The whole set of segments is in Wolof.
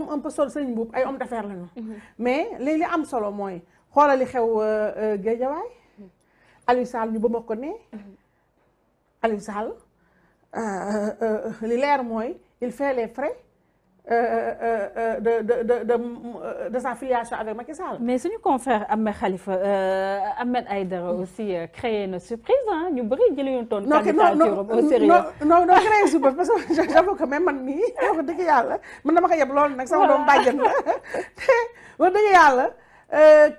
comme un peu sol sëñ buub ay homme d'affaires lañu mhm. mais li li am solo mooy xoolali xew euh, euh, géejawaay mhm. Aliou Sall ñu ba ma ko ne mhm. Aliou Sall euh, li leer mooy il fait les frais Euh, euh, euh, de de de de de sa filiation avec Macky Sall. mais suñu confrère Ahmed Khalifa Ahmed Aïdara aussi créé na surprise ah ñu bëri jëlee yoon toon. candidature au sérieux non non non créé surprise parce que j'avoue que même man mii wax dëgg yàlla man dama ko yeb lool nag sama doom bàjjen la wax dëgg yàlla.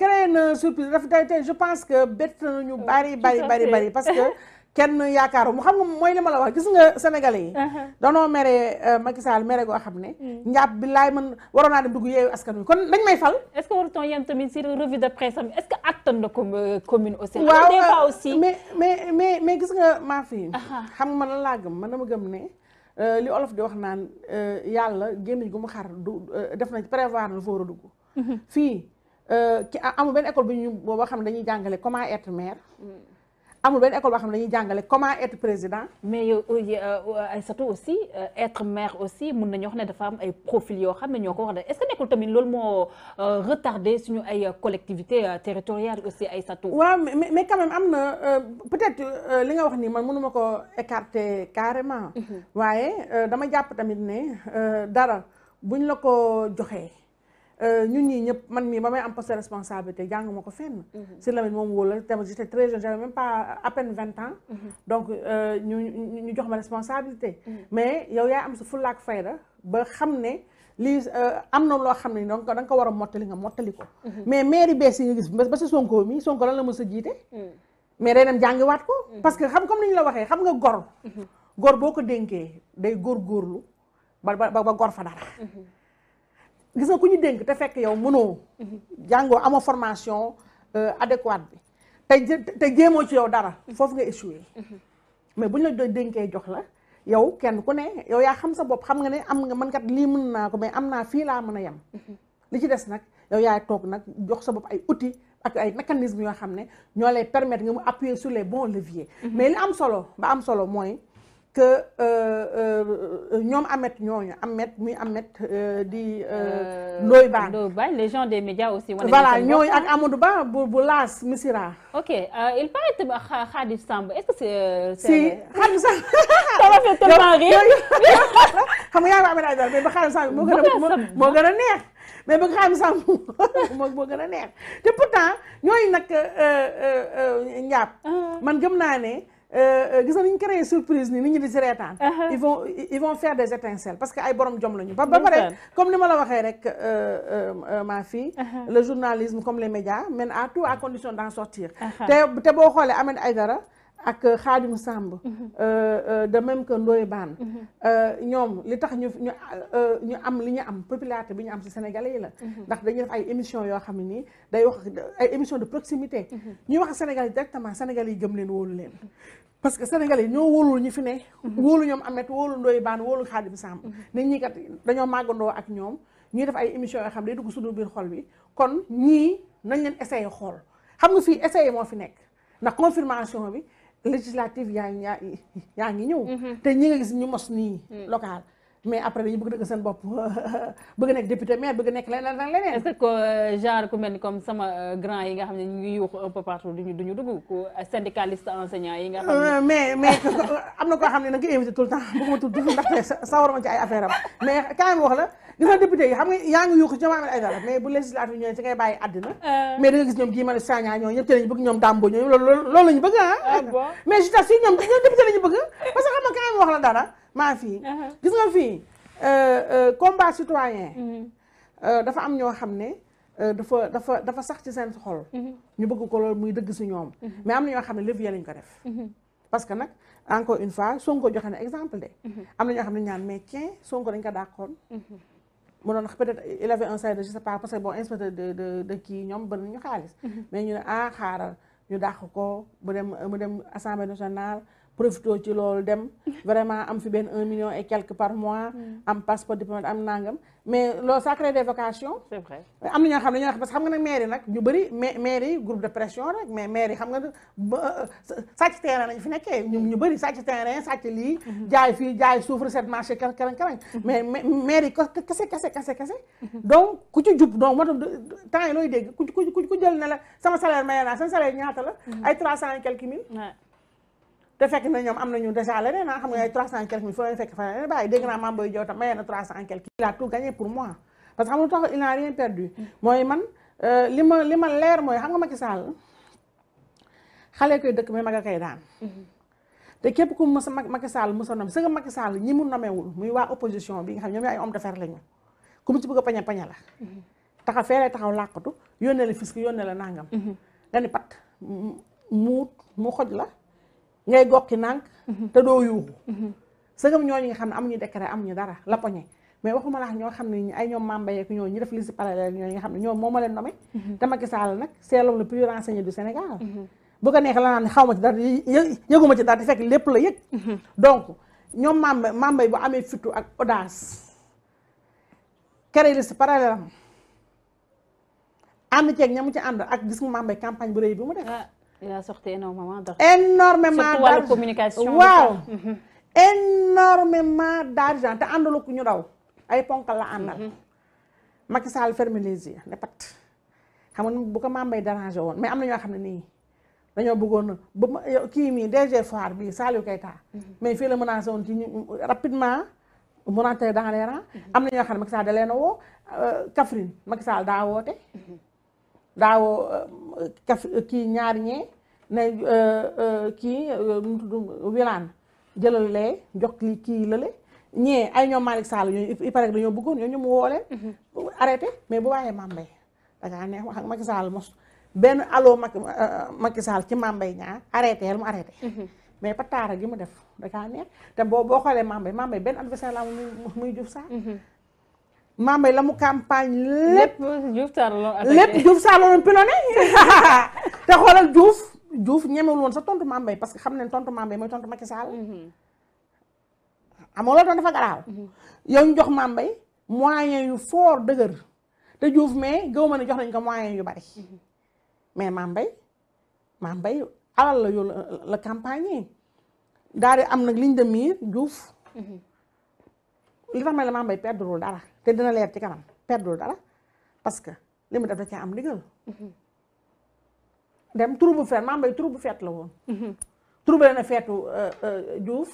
créé na surprise daf tey je pense que bett nañu bari bari bari bari parce que. kenn yaakaaru mu xam nga mooy li ma la wax gis nga sénégalais yi uh-huh. danoo mere euh, Macky Sall mere goo xam ne mm. njàpp bi laay man waroon naa dem dugg yeewu askan wi kon dañ may fal est-ce que tamit si revue de presse am est-ce que attan na ko euh, commune euh, mais mais mais gis nga maa fi uh-huh. xam nga man lan laa gëm man ma gëm ne li olof di wax naan yàlla gémmiñ gu mu xar du def na prévoir na fóor a dugg mm-hmm. fii ki amul benn école bi ñu booba xam ne dañuy jàngale comment être maire mm. amul benn école boo xam ne dañuy jàngale comment être président. mais ay euh, euh, sato aussi euh, être maire aussi mun nañu wax ne dafa am ay profil yoo xam ne ñoo ko wax de est ce que nekkul tamit loolu moo retardé suñu ay collectivités territoriales aussi sato waaw mais mais quand même am na peut être li nga wax nii man mënuma ko écarter karément mhm. waaye dama jàpp tamit ne dara buñ la ko joxee. Euh, ñun ñii ñëpp man mii ba may am poste de responsabilité jàng ko mhm. si la moom wóolal tamit j'étais très jeune j'avais même pas à peine vingt ans. Mhm. donc euh, ñu ñu jox ma responsabilité. Mhm. mais yow yaa am sa fullaak fayda ba xam ne lii euh, am na loo xam ne donc da ko war a mottali nga mottali ko. mais mairie bees yi nga gis ba si Sonko mi Sonko lan la jiite. mais day dem jàngiwaat ko. parce que xam comme ni ñu la waxee xam nga gor. boo ko dénkee day góor ba ba ba gor fa dara. gis nga ku ñu dénk te fekk yow mënoo jàngoo amoo formation euh, adéquate bi te te jéemoo ci yow dara foofu nga échoué mais bu ñu la dénkee jox la yow kenn ku ne yow yaa xam sa bopp xam nga ne am nga man kat lii mën naa ko mais am naa fii laa mën a yem li ci des nag yow yaay toog nag jox sa bopp ay outils ak ay mécanismes yoo xam ne ñoo lay permettre nga mu appuyer sur les bons leviers mm-hmm. mais li am solo ba am solo mooy que euh, euh, ñoom Amet ñooñu Amet muy euh, di. Ndoye Ba Ndoye baax les gens des médias aussi. wane voilà ñooñu ak ah. Amadou Ba bu bu Laas Missira. ok il paraît que Khadif Samb est-ce que c'est. si Khadif Samb. ça m'a fait tellement rire. xam nga yaa ngi mais a a neex. mais gën a neex te pourtant ñooñu nag Ndiaye. Ah. man gëm naa ne. Euh, euh, gis nga ni ñu créé surprise nii nit ñi di si reetaan ils vont ils vont faire des étincelles parce que ay borom jom lañu ba ba pare comme ni ma la waxee rek euh, ma fille le journalisme comme les médias mène à tout à condition d'en sortir te boo xoolee ay dara ak Xaadimu Sàmb mhm. euh, euh, de même que Ndoye Bane mhm. euh, ñoom li tax ñu ñu ñu am li ñu am popularité bi ñu am si sénégalais yi la mhm. ndax dañuy def ay émission yoo xam ne nii day wax ay émission de proximité ñuy wax sénégalais directement sénégalais yi gëm leen wóolu leen parce que sénégalais yi ñoo wóolul ñu fi ne wóolu ñoom Ameth wóolu Ndoye Bane wóolu Xaadimu Sàmb nit ñi kat dañoo màggandoo ak ñoom ñuy def ay émission yoo xam ne day dugg suñu biir xool bi kon ñii nañ leen essayé xool xam nga fii essayé moo fi nekk ndax confirmation bi législative yaa ngi yaa ngi ñëw. Mm-hmm. te ñi nga gis ñu mos nii. Mm. local mais après dañu bëgg dëgg seen bopp bëgg nekk député maire bëgg nekk leneen leneen leneen. est-ce que euh, genre ku mel ni comme sama euh, grand yi nga xam ne ñu ngi yuuxu un peu partout duñu duñu dugg ku euh, syndicaliste enseignant yi nga xam ne. mais mais am na koo xam ne da nga koy invité tout le temps bëgguma tudd ndaxte sawar ma ci ay affaire am mais quand même wax la gis nga député yi xam nga yaa ngi yuuxu ci ñoom ay dara mais bu législative ñëwee ci ngay bàyyi àddina. mais da nga gis ñoom gii ma ne Sagna ñoo ñëpp te lañu bëgg ñoom Dambo ñoo loolu loolu lañu bëgg ah, ah mais je t'assure ñoom député lañu bëgg parce que xam nga quand même wax la dara maa fii uh-huh. gis nga fii euh, euh, combat citoyen mm-hmm. euh, dafa am ñoo xam ne dafa dafa dafa sax ci seen xol mm-hmm. ñu bëgg ko loolu muy dëgg si ñoom mm-hmm. mais am na ñoo xam ne levier lañ ko def parce que nag encore une fois Sonko joxe ne exemple de am na ñoo xam ne ñaan mais tiens Sonko dañ ko dàqoon mu doon peut-être il avait un salaire de je sais pas parce que bon inspecteur de de de kii ñoom bëri nañu xaalis mais ñu ne ah xaaral ñu dàq ko mu dem mu dem assemblée nationale profité ci loolu dem vraiment am fi benn un million et quelques par mois mm. am passeport diplomate am nangam mais loolu ça crée des vocations c'est vrai am na ñoo xam ne ñoo xam parce que xam nga nag de pression rek mais mairie euh, fi nekkee ñu bëri sàcc terrain sàcc lii mm-hmm. jaay fii jaay suuf recette marché kar karañ karañ mais kese kese kese donc ku ci jub donc moo tax temps looy dégg ku jël ne la sama salaire maye naa sama salaire ñaata la mm-hmm. ay trois cent et quelques mille te fekk na ñoom am nañu déjà leneen naa ah, xam nga ay trois cent quelque mille foo leen fekk fa eh, bàyyi dégg naa maam booy jow tam mayee eh, na trois cent quelque il a tout gagné pour parce que xam man euh, li ma li ma leer mooy xam nga Macky Sall xale dëkk mais mag a koy daan mm-hmm. te képp ku mës a Macky Sall mës a nommé sëga Macky Sall ñi mu nomewul muy waa opposition bi nga xam ñoom ay homme d'affaires lañu ku mu ci bëgg a paña paña la mm-hmm. taxaw feeree taxaw làqatu yónnee la fisc yónnee la nangam mm-hmm. nga ni pat mu mu xoj la ngay gokki nànk mhm. te doo yuuxu mhm. sëgam ñooñu nga xam ne amuñu décret amuñu dara la poñe mais waxuma la ñoo xam ne ay ñoom mambayeeku ñoo ñu def xam ne ñoom moo ma leen nommé mhm. te Macky ko neexee la xaw ma ci dara yëguma ci dara di fekk lépp la donc ñoom mamba mambay bu amee fitu ak audace kere liste parallèle am ànd ceeg ña mu ci ànd ak gis nga campagne bu rëy bi mu def ah. il a sorti énormément d'argent. énormément d'argent surtout wàllu communication. waaw mhm. énormément ku ñu daw ay ponkal la àndal. Mhm. Macky Sall ferme les yeux ne xam nga bu ko maam bay woon mais am na ñoo xam ne nii dañoo bëggoon ba kii mii DG Foire bii Saliou Keita. Mhm. mais fii la menacé woon ci ñu rapidement mu rentré dans am na ñoo xam ne Macky Sall da a woo euh, Kaffrine Macky daa woote. daawo euh, kaf kii ñaar ñee ne euh, euh, kii nu tudd wilaan jëlal lee jox li kii lale ñee ay ñoom Malick Sall ñooñu il paraît dañoo bëggoon ñoo ñu mu woo leen mm-hmm. mais bu bàyyee Mame Mbaye da ngaa neex wax ak Macky Sall mos benn allo Macky Macky Sall ci Mame Mbaye ñaar arrêté yàlla mu arrêté mm-hmm. mais pataara gi mu def da ngaa neex te boo boo xoolee Mame Mbaye benn adversaire la muy muy Diouf Sarr mm-hmm. Mambay la mu campagne lépp Diouf Sarr la pilone te xoolal Diouf Diouf ñemewul woon sa tontu Mambay parce que xam nañ tontu Mambay mooy tontu Macky Sall. Mhm. amoo loolu dafa garaaw. Mhm. yow ñu jox Mambay moyen yu foor dëgër te Diouf mais gëw ma ne jox nañ ko moyen yu bari mhm. mais Mambay Mambay alal la yow la campagne daal di am nag ligne de mire Diouf. li tax may la Mame Mbaye perdul dara te dina leer ci kanam perdul dara parce que li mu def da cee am ndigal. dem turu bu feet Mame Mbaye turu bu feet la woon. turu bu leen a feetu Diouf.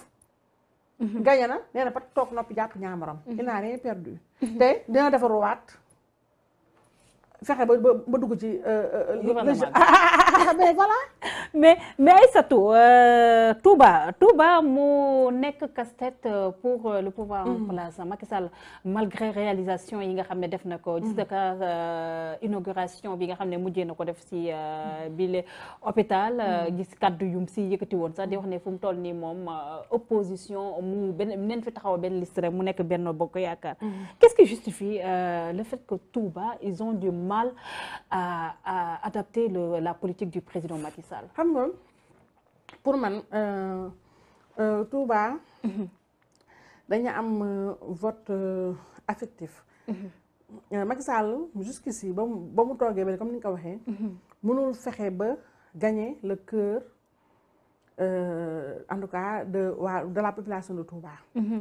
Euh, euh, mhm. gañe na nee na pat toog noppi jàpp ñaamaram. il n'a rien perdu. te dina defaruwaat. fexe ba ba dugg ci. Euh, euh, euh, mais ah, voilà. mais mais Aïssatou Touba Touba mu nekk casse-tête pour le pouvoir en hmm. place Macky Sall malgré réalisation yi nga xam ne def na ko. gis hmm. nga inauguration bi nga xam ne mujjee na ko def si bile hôpital. Hmm. gis kaddu yum si yëkkati woon sax di wax ne fu mu toll nii moom opposition mu benn neen fi taxaw benn listre mu nekk benn bokk yaakaar. qu'est-ce qui justifie le fait que Touba ils ont du mal à, à adapter le, la politique du président Macky Sall. xam nga pour man euh, euh, Touba. dañu am euh, vote affectif. Macky Sall jusqu'ici ba mu ba mu toogee ba comme ni nga ko waxee. mënul fexe ba gagner le cœur euh, en tout cas de waa de la population de Touba. Mhm.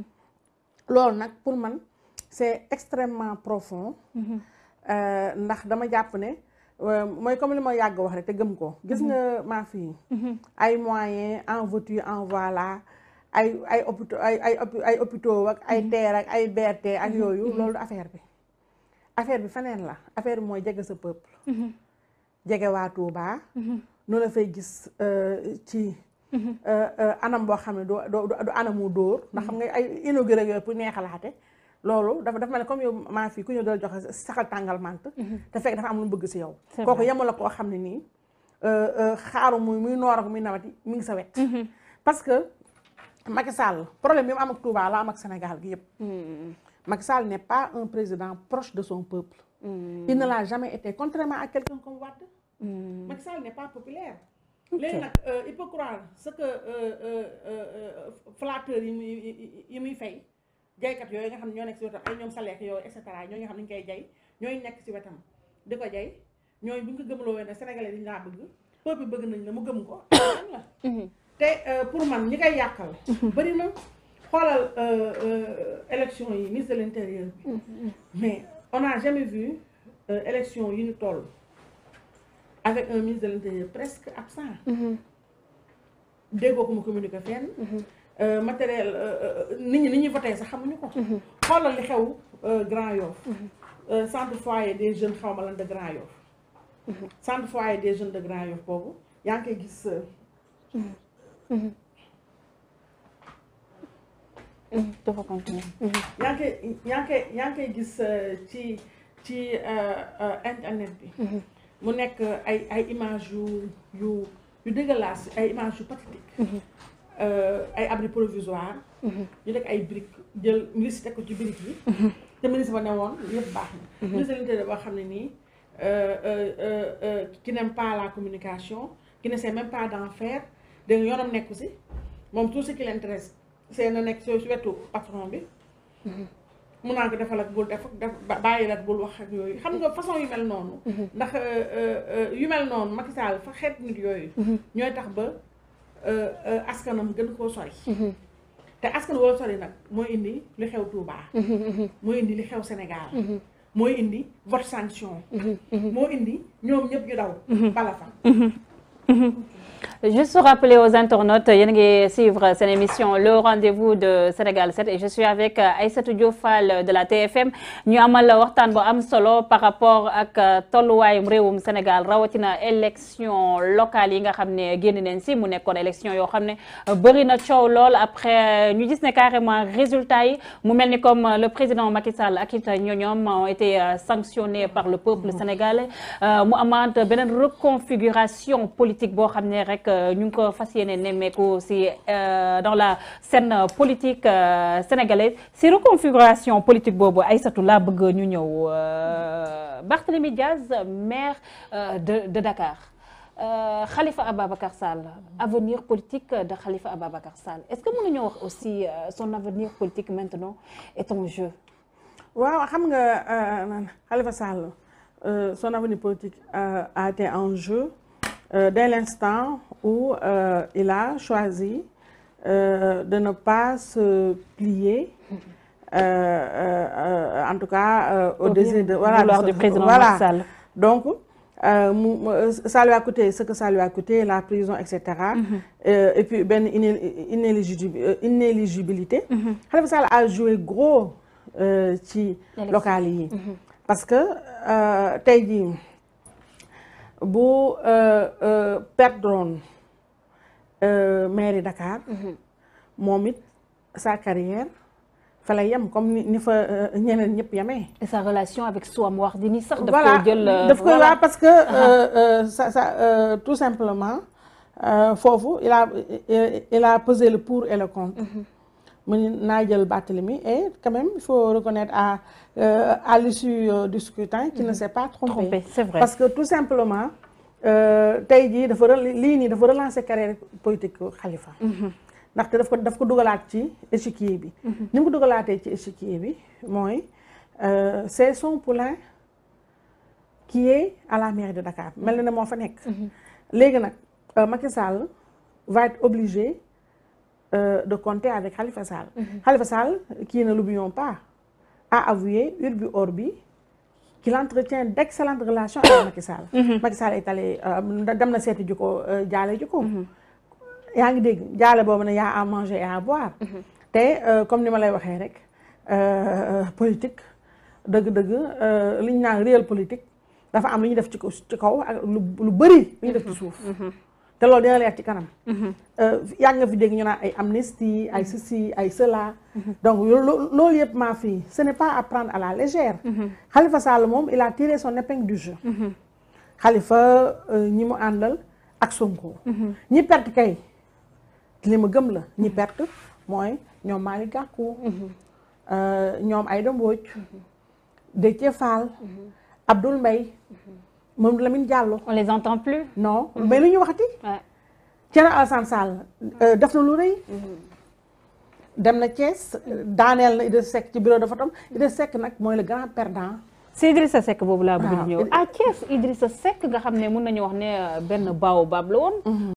loolu nag pour man c'est extrêmement profond. Mhm. Euh, ndax dama jàpp ne euh, mooy comme li ma yàgg wax rek te gëm ko gis nga maa fi mhm. ay moyens en voiture en ay ay hôpitaux ay ay ay hôpitaux ak ay mhm. terre ak ay BRT ak mhm. yooyu loolu affaire bi affaire bi feneen la affaire bi mooy jege sa peuple jege waa Touba noonu la fay gis euh, ci anam boo xam ne du du anamu dóor ndax xam nga ay inauguré yooyu pour neexalaate loolu dafa dafa mel ne comme yow maa fii ku ñëw doon joxe saxal tàngal mant mhm. te fekk dafa am lu mu bëgg si yow kooku yemul la koo xam ne nii euh, euh, xaaru muy muy noor ak muy nawet mi ngi sa wet mhm. parce que Macky Sall problème yi mu am ak Touba la am ak Sénégal gi yëpp mhm. Macky Sall n'est pas un président proche de son peuple il ne l'a jamais été contrairement à quelqu'un comme Wade Macky Sall pas populaire léegi nag euh, il peut ce que flatteur yi muy yi muy fay jaykat yooyu nga xam ne ñoo nekk si wetam ay ñoom saleek yooyu et cetera ñooy nga xam ne ñu koy jay ñooy nekk si wetam di ko jay ñooy bu ñu ko gëmloo wee ne sénégalais dañu laa bëgg peuple bëgg nañ la mu gëm ko an la mhm. te euh, pour man ñi koy yàqal mhm. bëri na xoolal euh, euh, élection yi ministre de l' intérieur bi mhm. mais on n'a jamais vu élection yi ñu toll avec un ministre de l' intérieur presque absent déggoo ko mu communiqué Euh, matériel euh, euh, nit ñi li ñuy voté sax xamuñu ko. Mhm. xoolal li xew Grand Yoff. Mhm. centre foyer des jeunes xaw ma lan de Grand Yoff. Mhm. centre foyer des jeunes de Grand Yoff boobu yaa ngi koy gis. yaa ngi koy yaa ngi gis ci ci internet bi. mu nekk ay ay images yu yu yu ay images yu pathétique. Euh, ay abri provisoire mhm. ñu nekk ay briques jël milice teg ko ci briques yi mhm. te milice ba ne woon yëpp baax na mhm. ministre de l'intérieur boo xam ne nii qui euh, euh, n'aime pas la communication qui ne sait même pas d'en yoonam nekku si moom tout ce qui l'intéresse c'est na nekk soo si wetu patron bi mun naa ko defal ak bul def def bàyyi la bul wax ak yooyu xam nga façon yu noonu ndax yu mel noonu Macky Sall fa xeet nit yooyu ñooy tax ba Euh, euh, askanam gën koo sori mhm. te askan woo sori nag moo indi li xew Touba mhm, mhm. mooy indi li xew Sénégal mooy indi vote sanction moo indi ñoom ñëpp ñu daw bala fa Juste rappeler aux internautes, yéen a ngi suivre seen émission le rendez-vous de Sénégal 7 et je avec euh, Aïssatou Diop de la TFM ñu amal waxtaan bu am solo par rapport ak euh, tolluwaayum réewum Sénégal rawatina élection locale yi nga xam ne génn nañ si mu nekkoon élection yoo xam ne euh, bëri na coow lool après ñu gis ne carrément résultat yi mu mel ni comme le président Macky Sall ak it ñoom ont par le peuple sénégalais mu amaat beneen reconfiguration politique boo xam ne rek euh, ñu ngi ko fas yéene nemmeeku si euh, dans la scène euh, politique sénégalaise si reconfiguration politique boobu Aïssatou la bëgg ñu ñëw Barthélémy Diaz maire de de Dakar Khalifa Ababacar Sall avenir politique de Khalifa Ababacar Sall est-ce que mën nañoo wax aussi son avenir politique maintenant est en jeu. waaw xam nga Khalifa Sall son avenir politique a été en jeu. Euh, dès l'instant où euh, il a choisi euh, de ne pas se plier en tout cas au désir de voilà donc mu ça lui a coûté ce que ça a coûté la prison et cetera. Mm-hmm. et puis benn inéligibilité. Mm-hmm. Khalifa a joué gros ci. locales yi. Mm-hmm. parce que tey bu euh, euh, perdroon euh, mairie Dakar. Mhm. moom it sa carrière fa lay yem comme ni fa ñeneen ñëpp yeme et sa relation avec Soham Wardini sax. daf koy jël daf koy parce que. sa uh-huh. sa tout simplement foofu il a il la pesé le pour et le contre. Mhm. mu naa jël Barthélemy et quand même il faut reconnaître à euh, à l'issue euh, du scrutin qui mmh. ne mm-hmm. s'est pas trompé, trompé parce que tout simplement euh, tey jii dafa lii nii dafa relancer carrière politique Khalifa mm-hmm. ndaxte daf ko daf ko dugalaat ci échiquier bi mm-hmm. ni mu ko dugalaatee ci échiquier bi mooy euh, c'est son poulain qui à la mairie de Dakar mel na ne moo fa nekk léegi nag Macky Sall va obligé Euh, de compter avec Khalifa Sall. Khalifa Sall, qui ne l'oublions a avoué urbi orbi qu'il entretient d'excellentes relations avec Macky Sall. Mhm. Macky Sall est allé euh, dem na seeti ji euh, jaale ji mhm. yaa ngi dégg jaale boobu nag yaa à manger et à boire. Mhm. te comme ni ma lay waxee rek politique dëgg-dëgg liñ naa naan réel politique dafa am lu ñu def ci kaw lu lu bëri ñu def ci suuf. te lool dina leer ci kanam. Mhm. Euh, yàgg nga fi dégg ñu naan ay amnistie ay mhm. ceci ay cela. Mhm. donc loolu yëpp maa fi ce n'est pas à prendre à la légère. Khalifa Sall moom il a tiré son épingle du jeu. Khalifa euh, ñi mu àndal ak Sonko. ñi perte kay li ma gëm la ñi perte mooy ñoom Malick Gakou. Euh, ñoom Aïda Mbodj. Déthié Fall. Abdoul Mbaye. moom Lamine Diallo. on les entend plus. non mhm. mais lu ñu waxati. waaw Thierno Alassane Sall euh, def na lu rëy. Mhm. dem na Thiès daaneel na Idrissa Seck ci bureau de Fatam mhm. Idrissa sekk nag mooy le grand perdant. si sa sekk boobu laa bëgg ñëw ah Thiès sa sekk nga xam ne mun nañu wax ne euh, benn baab la woon.